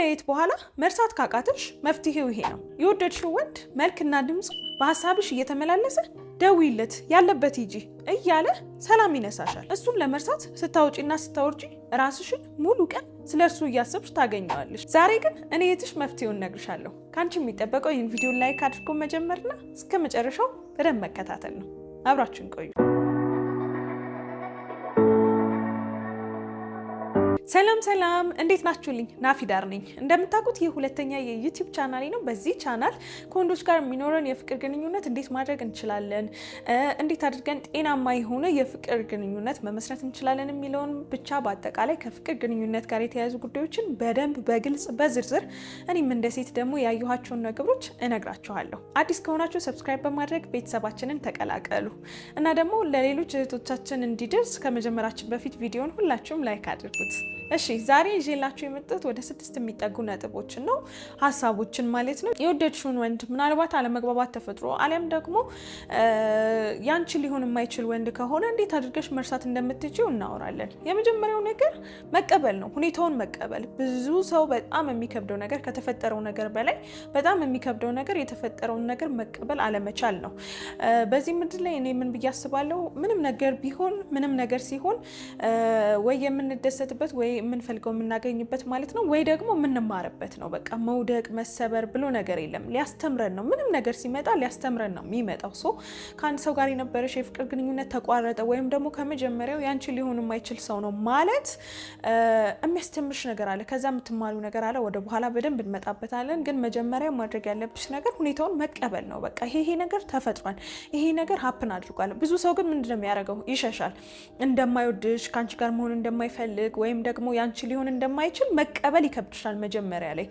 ከመለያየት በኋላ መርሳት ካቃተሽ መፍትሄው ይሄ ነው። የወደድሽው ወንድ መልክና ድምፁ በሀሳብሽ እየተመላለሰ ደዊለት ያለበት ሂጂ እያለ ሰላም ይነሳሻል። እሱም ለመርሳት ስታወጪና ስታወርጂ ራስሽን ሙሉ ቀን ስለ እርሱ እያሰብሽ ታገኘዋለሽ። ዛሬ ግን እኔ የትሽ መፍትሄውን እነግርሻለሁ። ከአንቺ የሚጠበቀው ይህን ቪዲዮ ላይክ አድርጎ መጀመርና እስከ መጨረሻው በደንብ መከታተል ነው። አብራችን ቆዩ። ሰላም ሰላም፣ እንዴት ናችሁልኝ? ናፊዳር ነኝ። እንደምታውቁት ይህ ሁለተኛ የዩቲዩብ ቻናሌ ነው። በዚህ ቻናል ከወንዶች ጋር የሚኖረን የፍቅር ግንኙነት እንዴት ማድረግ እንችላለን፣ እንዴት አድርገን ጤናማ የሆነ የፍቅር ግንኙነት መመስረት እንችላለን የሚለውን ብቻ በአጠቃላይ ከፍቅር ግንኙነት ጋር የተያያዙ ጉዳዮችን በደንብ በግልጽ በዝርዝር፣ እኔም እንደ ሴት ደግሞ ያየኋቸውን ነገሮች እነግራችኋለሁ። አዲስ ከሆናችሁ ሰብስክራይብ በማድረግ ቤተሰባችንን ተቀላቀሉ እና ደግሞ ለሌሎች እህቶቻችን እንዲደርስ ከመጀመራችን በፊት ቪዲዮን ሁላችሁም ላይክ አድርጉት። እሺ ዛሬ ይዤላችሁ የመጣሁት ወደ ስድስት የሚጠጉ ነጥቦችን ነው፣ ሀሳቦችን ማለት ነው። የወደድሽውን ወንድ ምናልባት አለመግባባት ተፈጥሮ አሊያም ደግሞ ያንቺ ሊሆን የማይችል ወንድ ከሆነ እንዴት አድርገሽ መርሳት እንደምትችው እናወራለን። የመጀመሪያው ነገር መቀበል ነው፣ ሁኔታውን መቀበል። ብዙ ሰው በጣም የሚከብደው ነገር ከተፈጠረው ነገር በላይ በጣም የሚከብደው ነገር የተፈጠረውን ነገር መቀበል አለመቻል ነው። በዚህ ምድር ላይ እኔ ምን ብዬ አስባለሁ፣ ምንም ነገር ቢሆን ምንም ነገር ሲሆን ወይ የምንደሰትበት ወይ የምንፈልገው የምናገኝበት ማለት ነው፣ ወይ ደግሞ የምንማርበት ነው። በቃ መውደቅ መሰበር ብሎ ነገር የለም። ሊያስተምረን ነው። ምንም ነገር ሲመጣ ሊያስተምረን ነው የሚመጣው። ሰው ከአንድ ሰው ጋር የነበረሽ የፍቅር ግንኙነት ተቋረጠ ወይም ደግሞ ከመጀመሪያው ያንቺ ሊሆን የማይችል ሰው ነው ማለት የሚያስተምርሽ ነገር አለ፣ ከዛ የምትማሪው ነገር አለ። ወደ በኋላ በደንብ እንመጣበታለን። ግን መጀመሪያ ማድረግ ያለብሽ ነገር ሁኔታውን መቀበል ነው። በቃ ይሄ ነገር ተፈጥሯል፣ ይሄ ነገር ሀፕን አድርጓል። ብዙ ሰው ግን ምንድነው የሚያደርገው? ይሸሻል። እንደማይወድሽ ከአንቺ ጋር መሆን እንደማይፈልግ ወይም ደግሞ ያንቺ ሊሆን እንደማይችል መቀበል ይከብድሻል። መጀመሪያ ላይ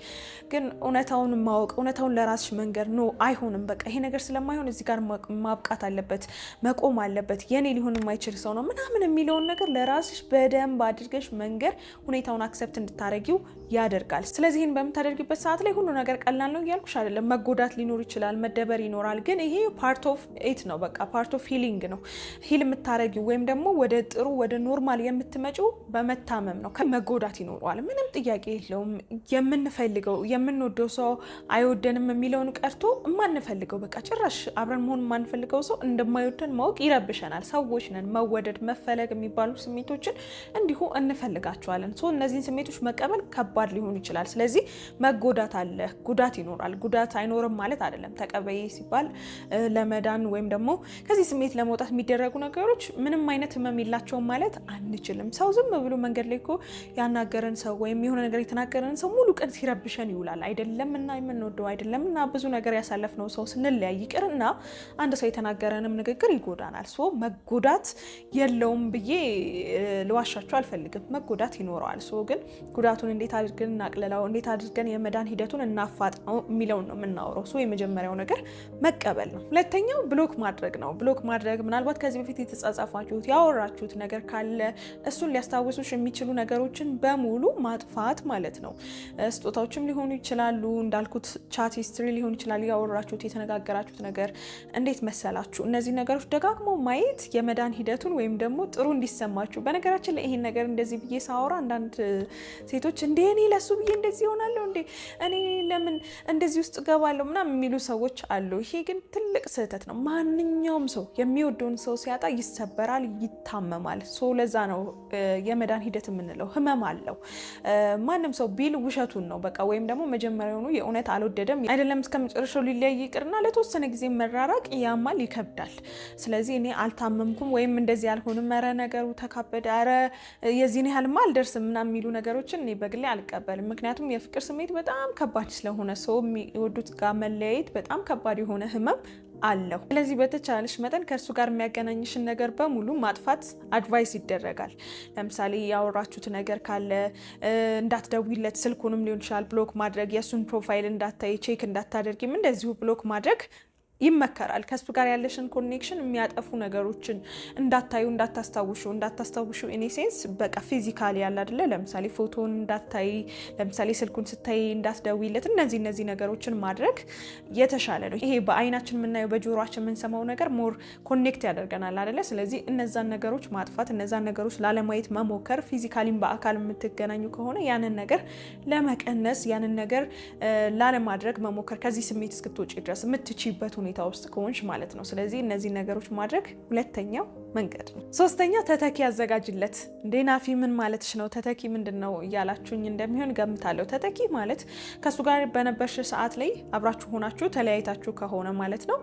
ግን እውነታውን ማወቅ እውነታውን ለራስሽ መንገድ ኖ አይሆንም፣ በቃ ይሄ ነገር ስለማይሆን እዚህ ጋር ማብቃት አለበት፣ መቆም አለበት፣ የኔ ሊሆን የማይችል ሰው ነው ምናምን የሚለውን ነገር ለራስሽ በደንብ አድርገሽ መንገር ሁኔታውን አክሰፕት እንድታረጊው ያደርጋል። ስለዚህ በምታደርጊበት ሰዓት ላይ ሁሉ ነገር ቀላል ነው እያልኩሽ አይደለም። መጎዳት ሊኖር ይችላል፣ መደበር ይኖራል። ግን ይሄ ፓርት ኦፍ ኤት ነው፣ በቃ ፓርት ኦፍ ሂሊንግ ነው። ሂል የምታረጊው ወይም ደግሞ ወደ ጥሩ ወደ ኖርማል የምትመጪው በመታመም ነው። መጎዳት ይኖረዋል። ምንም ጥያቄ የለውም። የምንፈልገው የምንወደው ሰው አይወደንም የሚለውን ቀርቶ የማንፈልገው በቃ ጭራሽ አብረን መሆን የማንፈልገው ሰው እንደማይወደን ማወቅ ይረብሸናል። ሰዎች ነን። መወደድ፣ መፈለግ የሚባሉ ስሜቶችን እንዲሁ እንፈልጋቸዋለን። ሶ እነዚህን ስሜቶች መቀበል ከባድ ሊሆን ይችላል። ስለዚህ መጎዳት አለ፣ ጉዳት ይኖራል። ጉዳት አይኖርም ማለት አይደለም። ተቀበይ ሲባል ለመዳን ወይም ደግሞ ከዚህ ስሜት ለመውጣት የሚደረጉ ነገሮች ምንም አይነት ህመም የላቸውም ማለት አንችልም። ሰው ዝም ብሎ መንገድ ላይ እኮ ያናገረን ሰው ወይም የሆነ ነገር የተናገረን ሰው ሙሉ ቀን ሲረብሸን ይውላል። አይደለም እና የምንወደው አይደለም እና ብዙ ነገር ያሳለፍነው ሰው ስንለያይ ይቅር እና አንድ ሰው የተናገረንም ንግግር ይጎዳናል። ሶ መጎዳት የለውም ብዬ ልዋሻቸው አልፈልግም። መጎዳት ይኖረዋል። ሶ ግን ጉዳቱን እንዴት አድርገን እናቅልለው፣ እንዴት አድርገን የመዳን ሂደቱን እናፋጥነው የሚለውን ነው የምናወረው። ሶ የመጀመሪያው ነገር መቀበል ነው። ሁለተኛው ብሎክ ማድረግ ነው። ብሎክ ማድረግ ምናልባት ከዚህ በፊት የተጻጻፋችሁት ያወራችሁት ነገር ካለ እሱን ሊያስታውሱሽ የሚችሉ ነገር ነገሮችን በሙሉ ማጥፋት ማለት ነው። ስጦታዎችም ሊሆኑ ይችላሉ፣ እንዳልኩት ቻት ሂስትሪ ሊሆን ይችላል፣ ያወራችሁት የተነጋገራችሁት ነገር እንዴት መሰላችሁ። እነዚህ ነገሮች ደጋግሞ ማየት የመዳን ሂደቱን ወይም ደግሞ ጥሩ እንዲሰማችሁ። በነገራችን ላይ ይሄን ነገር እንደዚህ ብዬ ሳወራ አንዳንድ ሴቶች እንዴ እኔ ለሱ ብዬ እንደዚህ ይሆናለሁ እንዴ እኔ ለምን እንደዚህ ውስጥ እገባለሁ ምናምን የሚሉ ሰዎች አሉ። ይሄ ግን ትልቅ ስህተት ነው። ማንኛውም ሰው የሚወደውን ሰው ሲያጣ ይሰበራል፣ ይታመማል። ሶ ለዛ ነው የመዳን ሂደት የምንለው ህመም አለው። ማንም ሰው ቢል ውሸቱን ነው በቃ። ወይም ደግሞ መጀመሪያውኑ የእውነት አልወደደም አይደለም እስከ መጨረሻው ሊለያይ ይቅርና ለተወሰነ ጊዜ መራራቅ ያማል፣ ይከብዳል። ስለዚህ እኔ አልታመምኩም ወይም እንደዚህ አልሆንም፣ ኧረ ነገሩ ተካበደ፣ ኧረ የዚህን ያህልማ አልደርስም ምናምን የሚሉ ነገሮችን እኔ በግሌ አልቀበልም። ምክንያቱም የፍቅር ስሜት በጣም ከባድ ስለሆነ ሰው የሚወዱት ጋር መለያየት በጣም ከባድ የሆነ ህመም አለሁ። ስለዚህ በተቻለሽ መጠን ከእርሱ ጋር የሚያገናኝሽን ነገር በሙሉ ማጥፋት አድቫይስ ይደረጋል። ለምሳሌ ያወራችሁት ነገር ካለ እንዳትደውይለት፣ ስልኩንም ሊሆን ይችላል ብሎክ ማድረግ፣ የእሱን ፕሮፋይል እንዳታይ ቼክ እንዳታደርጊም እንደዚሁ ብሎክ ማድረግ ይመከራል። ከሱ ጋር ያለሽን ኮኔክሽን የሚያጠፉ ነገሮችን እንዳታዩ፣ እንዳታስታውሹ እንዳታስታውሹ ኢኔሴንስ በቃ ፊዚካሊ ያለ አይደለ፣ ለምሳሌ ፎቶን እንዳታይ፣ ለምሳሌ ስልኩን ስታይ እንዳትደውይለት፣ እነዚህ እነዚህ ነገሮችን ማድረግ የተሻለ ነው። ይሄ በአይናችን የምናየው በጆሮችን የምንሰማው ነገር ሞር ኮኔክት ያደርገናል አይደለ? ስለዚህ እነዛን ነገሮች ማጥፋት፣ እነዛን ነገሮች ላለማየት መሞከር፣ ፊዚካሊም በአካል የምትገናኙ ከሆነ ያንን ነገር ለመቀነስ፣ ያንን ነገር ላለማድረግ መሞከር ከዚህ ስሜት እስክትወጪ ድረስ የምትችይበት ሁኔታ ሁኔታ ውስጥ ከሆንሽ ማለት ነው። ስለዚህ እነዚህ ነገሮች ማድረግ ሁለተኛው መንገድ ነው። ሶስተኛው ተተኪ ያዘጋጅለት። እንዴ ናፊ ምን ማለትሽ ነው? ተተኪ ምንድን ነው እያላችሁኝ እንደሚሆን ገምታለሁ። ተተኪ ማለት ከእሱ ጋር በነበርሽ ሰዓት ላይ አብራችሁ ሆናችሁ ተለያይታችሁ ከሆነ ማለት ነው።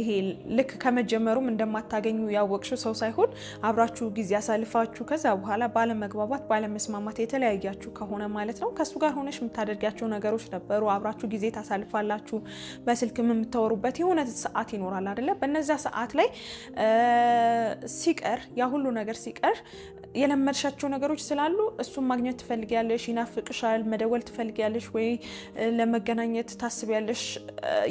ይሄ ልክ ከመጀመሩም እንደማታገኙ ያወቅሽው ሰው ሳይሆን አብራችሁ ጊዜ አሳልፋችሁ ከዛ በኋላ ባለመግባባት፣ ባለመስማማት የተለያያችሁ ከሆነ ማለት ነው። ከእሱ ጋር ሆነሽ የምታደርጊያቸው ነገሮች ነበሩ። አብራችሁ ጊዜ ታሳልፋላችሁ። በስልክም የምታወሩበት የሆነ ሰዓት ይኖራል አይደለ? በነዚያ ሰዓት ላይ ሲቀር ያ ሁሉ ነገር ሲቀር የለመድሻቸው ነገሮች ስላሉ እሱን ማግኘት ትፈልጊያለሽ፣ ይናፍቅሻል፣ መደወል ትፈልጊያለሽ ወይ ለመገናኘት ታስቢያለሽ።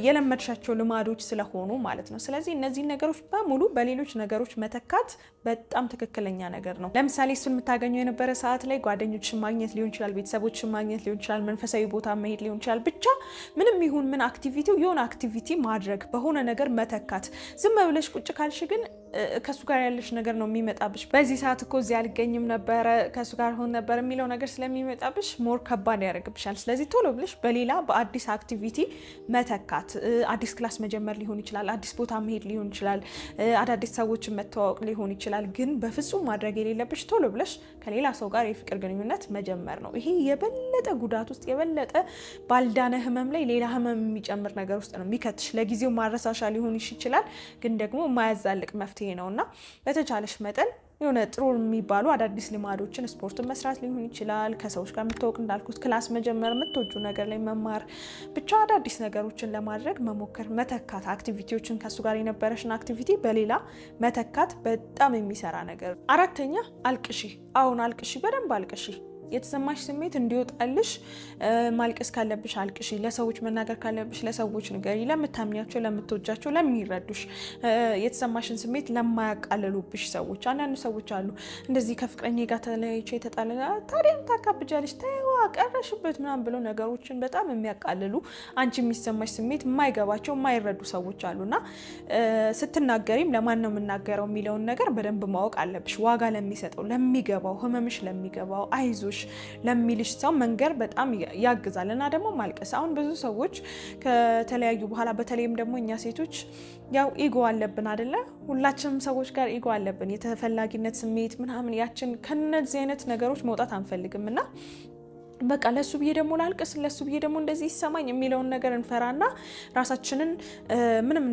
የለመድሻቸው ልማዶች ስለሆኑ ማለት ነው። ስለዚህ እነዚህ ነገሮች በሙሉ በሌሎች ነገሮች መተካት በጣም ትክክለኛ ነገር ነው። ለምሳሌ እሱን የምታገኘው የነበረ ሰዓት ላይ ጓደኞችን ማግኘት ሊሆን ይችላል፣ ቤተሰቦችን ማግኘት ሊሆን ይችላል፣ መንፈሳዊ ቦታ መሄድ ሊሆን ይችላል። ብቻ ምንም ይሁን ምን አክቲቪቲው የሆነ አክቲቪቲ ማድረግ በሆነ ነገር መተካት። ዝም ብለሽ ቁጭ ካልሽ ግን ከእሱ ጋር ያለሽ ነገር ነው የሚመጣብሽ። በዚህ ሰዓት እኮ እዚህ አልገኝም ነበረ ከእሱ ጋር ሆን ነበር የሚለው ነገር ስለሚመጣብሽ ሞር ከባድ ያደርግብሻል። ስለዚህ ቶሎ ብለሽ በሌላ በአዲስ አክቲቪቲ መተካት፣ አዲስ ክላስ መጀመር ሊሆን ይችላል፣ አዲስ ቦታ መሄድ ሊሆን ይችላል፣ አዳዲስ ሰዎችን መተዋወቅ ሊሆን ይችላል። ግን በፍጹም ማድረግ የሌለብሽ ቶሎ ብለሽ ከሌላ ሰው ጋር የፍቅር ግንኙነት መጀመር ነው። ይሄ የበለጠ ጉዳት ውስጥ የበለጠ ባልዳነ ህመም ላይ ሌላ ህመም የሚጨምር ነገር ውስጥ ነው የሚከትሽ። ለጊዜው ማረሳሻ ሊሆን ይችላል፣ ግን ደግሞ የማያዛልቅ መፍትሄ መፍትሄ ነው እና በተቻለሽ መጠን የሆነ ጥሩ የሚባሉ አዳዲስ ልማዶችን ስፖርትን መስራት ሊሆን ይችላል። ከሰዎች ጋር የምታወቅ እንዳልኩት ክላስ መጀመር፣ የምትወጁ ነገር ላይ መማር፣ ብቻ አዳዲስ ነገሮችን ለማድረግ መሞከር፣ መተካት አክቲቪቲዎችን ከሱ ጋር የነበረሽን አክቲቪቲ በሌላ መተካት በጣም የሚሰራ ነገር። አራተኛ አልቅሺ። አሁን አልቅሺ፣ በደንብ አልቅሺ። የተሰማሽ ስሜት እንዲወጣልሽ ማልቀስ ካለብሽ አልቅሽ፣ ለሰዎች መናገር ካለብሽ ለሰዎች ንገሪ። ለምታምኛቸው፣ ለምትወጃቸው፣ ለሚረዱሽ የተሰማሽን ስሜት ለማያቃልሉብሽ ሰዎች። አንዳንድ ሰዎች አሉ እንደዚህ ከፍቅረኛ ጋር ተለያይቼ የተጣለ ታዲያም ታካብጃለሽ፣ ተይዋ፣ ቀረሽበት ምናምን ብለው ነገሮችን በጣም የሚያቃልሉ አንቺ የሚሰማሽ ስሜት የማይገባቸው የማይረዱ ሰዎች አሉና ስትናገሪም ለማን ነው የምናገረው የሚለውን ነገር በደንብ ማወቅ አለብሽ። ዋጋ ለሚሰጠው ለሚገባው ህመምሽ ለሚገባው አይዞሽ ለሚልሽ ሰው መንገር በጣም ያግዛል። እና ደግሞ ማልቀስ አሁን ብዙ ሰዎች ከተለያዩ በኋላ በተለይም ደግሞ እኛ ሴቶች ያው ኢጎ አለብን አደለ? ሁላችንም ሰዎች ጋር ኢጎ አለብን፣ የተፈላጊነት ስሜት ምናምን ያችን ከነዚህ አይነት ነገሮች መውጣት አንፈልግም እና በቃ ለሱ ብዬ ደግሞ ላልቅስ፣ ለሱ ብዬ ደግሞ እንደዚህ ይሰማኝ የሚለውን ነገር እንፈራና ራሳችንን ምንም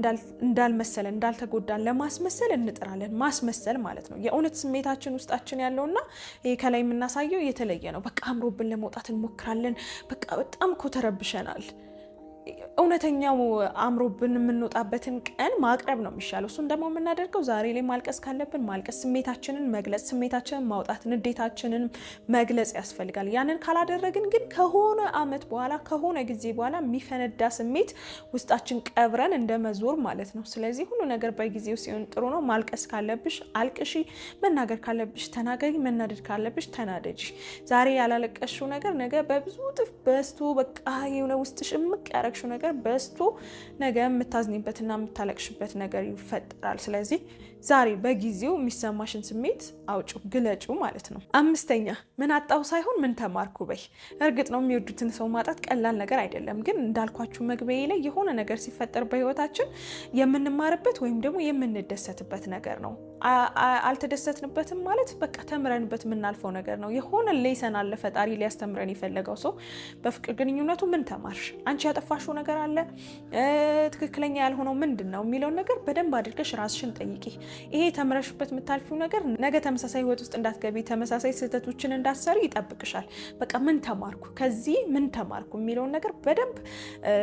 እንዳልመሰለን እንዳልተጎዳን ለማስመሰል እንጥራለን። ማስመሰል ማለት ነው። የእውነት ስሜታችን ውስጣችን ያለውና ከላይ የምናሳየው የተለየ ነው። በቃ አምሮብን ለመውጣት እንሞክራለን። በቃ በጣም ኮተረብሸናል። ተረብሸናል። እውነተኛው አምሮብን የምንወጣበትን ቀን ማቅረብ ነው የሚሻለው። እሱን ደግሞ የምናደርገው ዛሬ ላይ ማልቀስ ካለብን ማልቀስ፣ ስሜታችንን መግለጽ፣ ስሜታችንን ማውጣት፣ ንዴታችንን መግለጽ ያስፈልጋል። ያንን ካላደረግን ግን ከሆነ አመት በኋላ ከሆነ ጊዜ በኋላ የሚፈነዳ ስሜት ውስጣችን ቀብረን እንደ መዞር ማለት ነው። ስለዚህ ሁሉ ነገር በጊዜው ሲሆን ጥሩ ነው። ማልቀስ ካለብሽ አልቅሺ፣ መናገር ካለብሽ ተናገሪ፣ መናደድ ካለብሽ ተናደጂ። ዛሬ ያላለቀሽው ነገር ነገ በብዙ እጥፍ በዝቶ በቃ የሆነ ውስጥሽ እምቅ ያረግ ያደረግሽው ነገር በስቶ ነገ የምታዝኝበትና የምታለቅሽበት ነገር ይፈጠራል። ስለዚህ ዛሬ በጊዜው የሚሰማሽን ስሜት አውጩ፣ ግለጩ ማለት ነው። አምስተኛ ምን አጣው ሳይሆን ምን ተማርኩ በይ። እርግጥ ነው የሚወዱትን ሰው ማጣት ቀላል ነገር አይደለም። ግን እንዳልኳችሁ መግቢያ ላይ የሆነ ነገር ሲፈጠር በህይወታችን የምንማርበት ወይም ደግሞ የምንደሰትበት ነገር ነው። አልተደሰትንበትም ማለት በቃ ተምረንበት የምናልፈው ነገር ነው። የሆነ ሌሰን አለ ፈጣሪ ሊያስተምረን የፈለገው ሰው። በፍቅር ግንኙነቱ ምን ተማርሽ? አንቺ ያጠፋሽው ነገር አለ? ትክክለኛ ያልሆነው ምንድን ነው የሚለውን ነገር በደንብ አድርገሽ ራስሽን ጠይቂ። ይሄ ተምረሽበት የምታልፊው ነገር ነገ ተመሳሳይ ህይወት ውስጥ እንዳትገቢ፣ ተመሳሳይ ስህተቶችን እንዳትሰሪ ይጠብቅሻል። በቃ ምን ተማርኩ፣ ከዚህ ምን ተማርኩ የሚለውን ነገር በደንብ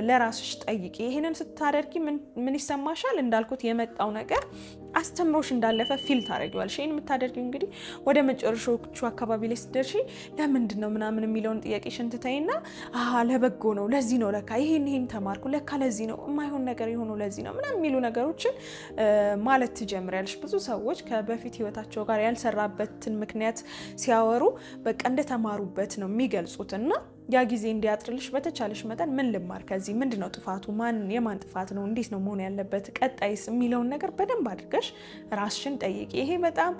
ለራስሽ ጠይቂ። ይህንን ስታደርጊ ምን ይሰማሻል? እንዳልኩት የመጣው ነገር አስተምሮሽ እንዳለፈ ፊል ታደርጊዋለሽ። ይህን የምታደርጊው እንግዲህ ወደ መጨረሻዎቹ አካባቢ ላይ ስደርሽ ለምንድን ነው ምናምን የሚለውን ጥያቄ ሽንትታይና ለበጎ ነው፣ ለዚህ ነው ለካ ይሄን ይሄን ተማርኩ፣ ለካ ለዚህ ነው የማይሆን ነገር የሆነው ለዚህ ነው ምናምን የሚሉ ነገሮችን ማለት ትጀምሪያለሽ። ብዙ ሰዎች ከበፊት ህይወታቸው ጋር ያልሰራበትን ምክንያት ሲያወሩ በቃ እንደተማሩበት ነው የሚገልጹት እና ያ ጊዜ እንዲያጥርልሽ በተቻለሽ መጠን ምን ልማር ከዚህ ምንድን ነው ጥፋቱ ማን የማን ጥፋት ነው እንዴት ነው መሆን ያለበት ቀጣይስ የሚለውን ነገር በደንብ አድርገሽ ራስሽን ጠይቂ ይሄ በጣም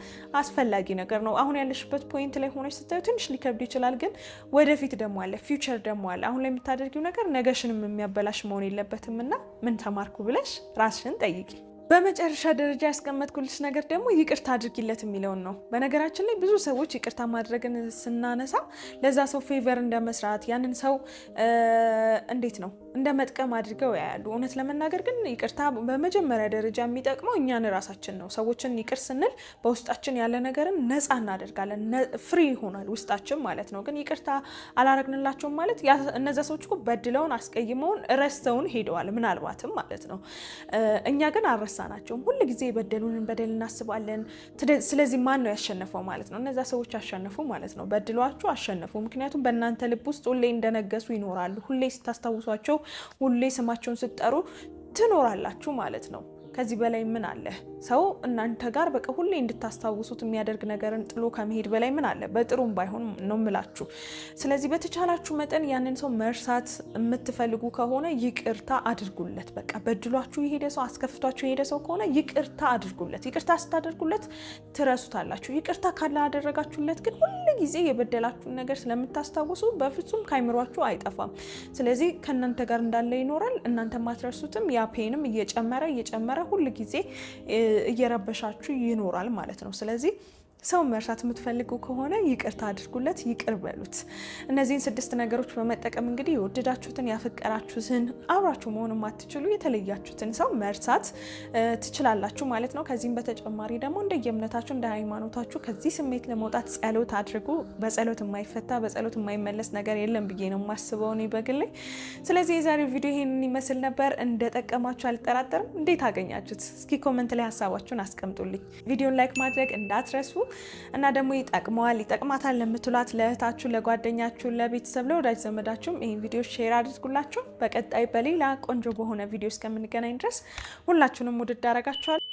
አስፈላጊ ነገር ነው አሁን ያለሽበት ፖይንት ላይ ሆነች ስታዩ ትንሽ ሊከብድ ይችላል ግን ወደፊት ደግሞ አለ ፊውቸር ደግሞ አለ አሁን ላይ የምታደርጊው ነገር ነገሽንም የሚያበላሽ መሆን የለበትም እና ምን ተማርኩ ብለሽ ራስሽን ጠይቂ በመጨረሻ ደረጃ ያስቀመጥኩልሽ ነገር ደግሞ ይቅርታ አድርጊለት የሚለውን ነው። በነገራችን ላይ ብዙ ሰዎች ይቅርታ ማድረግን ስናነሳ ለዛ ሰው ፌቨር እንደመስራት ያንን ሰው እንዴት ነው እንደ መጥቀም አድርገው ያያሉ። እውነት ለመናገር ግን ይቅርታ በመጀመሪያ ደረጃ የሚጠቅመው እኛን ራሳችን ነው። ሰዎችን ይቅር ስንል በውስጣችን ያለ ነገርን ነፃ እናደርጋለን። ፍሪ ይሆናል ውስጣችን ማለት ነው። ግን ይቅርታ አላረግንላቸውም ማለት እነዚ ሰዎች በድለውን አስቀይመውን ረስተውን ሄደዋል ምናልባትም ማለት ነው። እኛ ግን አልረሳናቸውም። ሁል ጊዜ የበደሉንን በደል እናስባለን። ስለዚህ ማን ነው ያሸነፈው ማለት ነው? እነዚ ሰዎች አሸነፉ ማለት ነው። በድሏችሁ አሸነፉ። ምክንያቱም በእናንተ ልብ ውስጥ ሁሌ እንደነገሱ ይኖራሉ። ሁሌ ስታስታውሷቸው ሁሌ ስማቸውን ስትጠሩ ትኖራላችሁ ማለት ነው። ከዚህ በላይ ምን አለ? ሰው እናንተ ጋር በቃ ሁሌ እንድታስታውሱት የሚያደርግ ነገርን ጥሎ ከመሄድ በላይ ምን አለ? በጥሩም ባይሆን ነው ምላችሁ። ስለዚህ በተቻላችሁ መጠን ያንን ሰው መርሳት የምትፈልጉ ከሆነ ይቅርታ አድርጉለት። በቃ በድሏችሁ የሄደ ሰው አስከፍቷችሁ የሄደ ሰው ከሆነ ይቅርታ አድርጉለት። ይቅርታ ስታደርጉለት ትረሱታላችሁ። ይቅርታ ካላደረጋችሁለት ግን ሁሉ ጊዜ የበደላችሁን ነገር ስለምታስታውሱ በፍጹም ካይምሯችሁ አይጠፋም። ስለዚህ ከእናንተ ጋር እንዳለ ይኖራል። እናንተ ማትረሱትም፣ ያ ፔንም እየጨመረ እየጨመረ ሁል ጊዜ እየረበሻችሁ ይኖራል ማለት ነው። ስለዚህ ሰውን መርሳት የምትፈልጉ ከሆነ ይቅርታ አድርጉለት፣ ይቅር በሉት። እነዚህን ስድስት ነገሮች በመጠቀም እንግዲህ የወደዳችሁትን ያፈቀራችሁትን አብራችሁ መሆን የማትችሉ የተለያችሁትን ሰው መርሳት ትችላላችሁ ማለት ነው። ከዚህም በተጨማሪ ደግሞ እንደ የእምነታችሁ እንደ ሃይማኖታችሁ ከዚህ ስሜት ለመውጣት ጸሎት አድርጉ። በጸሎት የማይፈታ በጸሎት የማይመለስ ነገር የለም ብዬ ነው የማስበው እኔ በግሌ። ስለዚህ የዛሬው ቪዲዮ ይህንን ይመስል ነበር። እንደጠቀማችሁ አልጠራጠርም። እንዴት አገኛችሁት? እስኪ ኮመንት ላይ ሀሳባችሁን አስቀምጡልኝ። ቪዲዮን ላይክ ማድረግ እንዳትረሱ። እና ደግሞ ይጠቅመዋል ይጠቅማታል ለምትሏት ለእህታችሁ፣ ለጓደኛችሁ፣ ለቤተሰብ፣ ለወዳጅ ዘመዳችሁም ይህን ቪዲዮ ሼር አድርጉላችሁ። በቀጣይ በሌላ ቆንጆ በሆነ ቪዲዮ እስከምንገናኝ ድረስ ሁላችሁንም ውድድ አረጋችኋል።